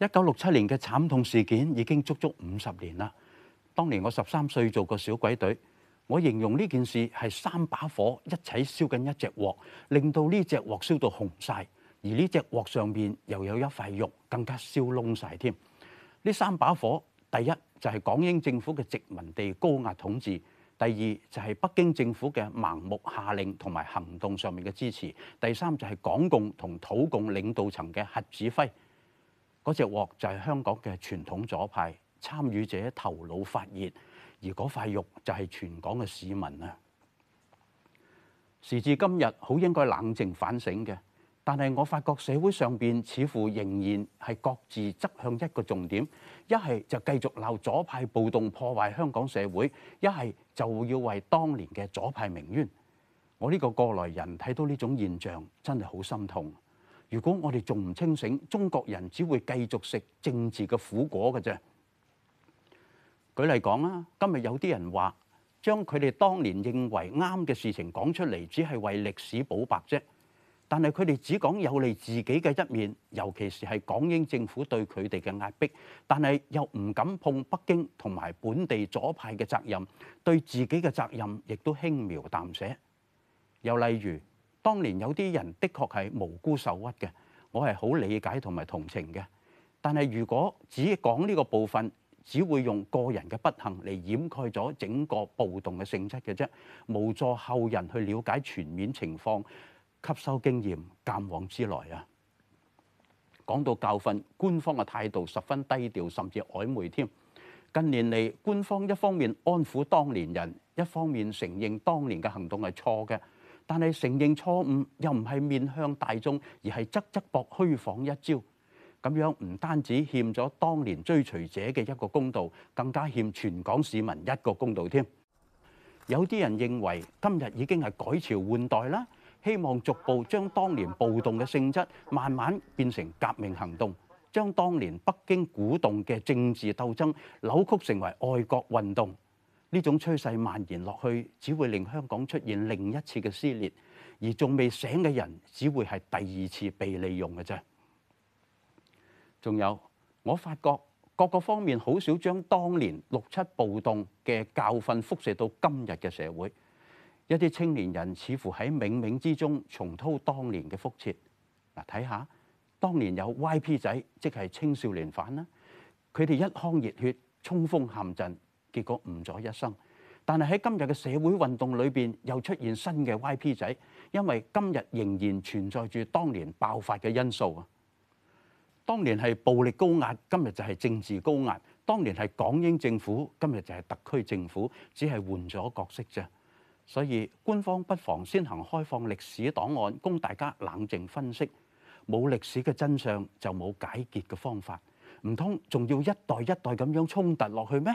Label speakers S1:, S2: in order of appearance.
S1: 一九六七年嘅慘痛事件已經足足五十年啦。當年我十三歲做過小鬼隊，我形容呢件事係三把火一齊燒緊一隻鑊，令到呢隻鑊燒到紅晒，而呢隻鑊上面又有一塊肉更加燒燶晒添。呢三把火，第一就係港英政府嘅殖民地高壓統治，第二就係北京政府嘅盲目下令同埋行動上面嘅支持，第三就係港共同土共領導層嘅核指揮。嗰隻鑊就係香港嘅傳統左派參與者頭腦發熱，而嗰塊肉就係全港嘅市民啊！時至今日，好應該冷靜反省嘅，但係我發覺社會上邊似乎仍然係各自側向一個重點：一係就繼續鬧左派暴動破壞香港社會，一係就要為當年嘅左派鳴冤。我呢個過來人睇到呢種現象，真係好心痛。如果我哋仲唔清醒，中國人只會繼續食政治嘅苦果嘅啫。舉例講啦，今日有啲人話將佢哋當年認為啱嘅事情講出嚟，只係為歷史補白啫。但係佢哋只講有利自己嘅一面，尤其是係港英政府對佢哋嘅壓迫。但係又唔敢碰北京同埋本地左派嘅責任，對自己嘅責任亦都輕描淡寫。又例如。當年有啲人的確係無辜受屈嘅，我係好理解同埋同情嘅。但係如果只講呢個部分，只會用個人嘅不幸嚟掩蓋咗整個暴動嘅性質嘅啫，無助後人去了解全面情況，吸收經驗，鑒往知來啊！講到教訓，官方嘅態度十分低調，甚至曖昧添。近年嚟，官方一方面安撫當年人，一方面承認當年嘅行動係錯嘅。但係承認錯誤又唔係面向大眾，而係側側膊虛晃一招，咁樣唔單止欠咗當年追隨者嘅一個公道，更加欠全港市民一個公道添。有啲人認為今日已經係改朝換代啦，希望逐步將當年暴動嘅性質慢慢變成革命行動，將當年北京鼓動嘅政治鬥爭扭曲成為愛國運動。呢種趨勢蔓延落去，只會令香港出現另一次嘅撕裂，而仲未醒嘅人，只會係第二次被利用嘅啫。仲有，我發覺各個方面好少將當年六七暴動嘅教訓，輻射到今日嘅社會。一啲青年人似乎喺冥冥之中重蹈當年嘅覆轍。嗱，睇下當年有 YP 仔，即係青少年犯啦，佢哋一腔熱血，衝鋒陷陣。結果誤咗一生，但係喺今日嘅社會運動裏邊又出現新嘅 YP 仔，因為今日仍然存在住當年爆發嘅因素啊。當年係暴力高壓，今日就係政治高壓；當年係港英政府，今日就係特區政府，只係換咗角色啫。所以官方不妨先行開放歷史檔案，供大家冷靜分析。冇歷史嘅真相就冇解決嘅方法，唔通仲要一代一代咁樣衝突落去咩？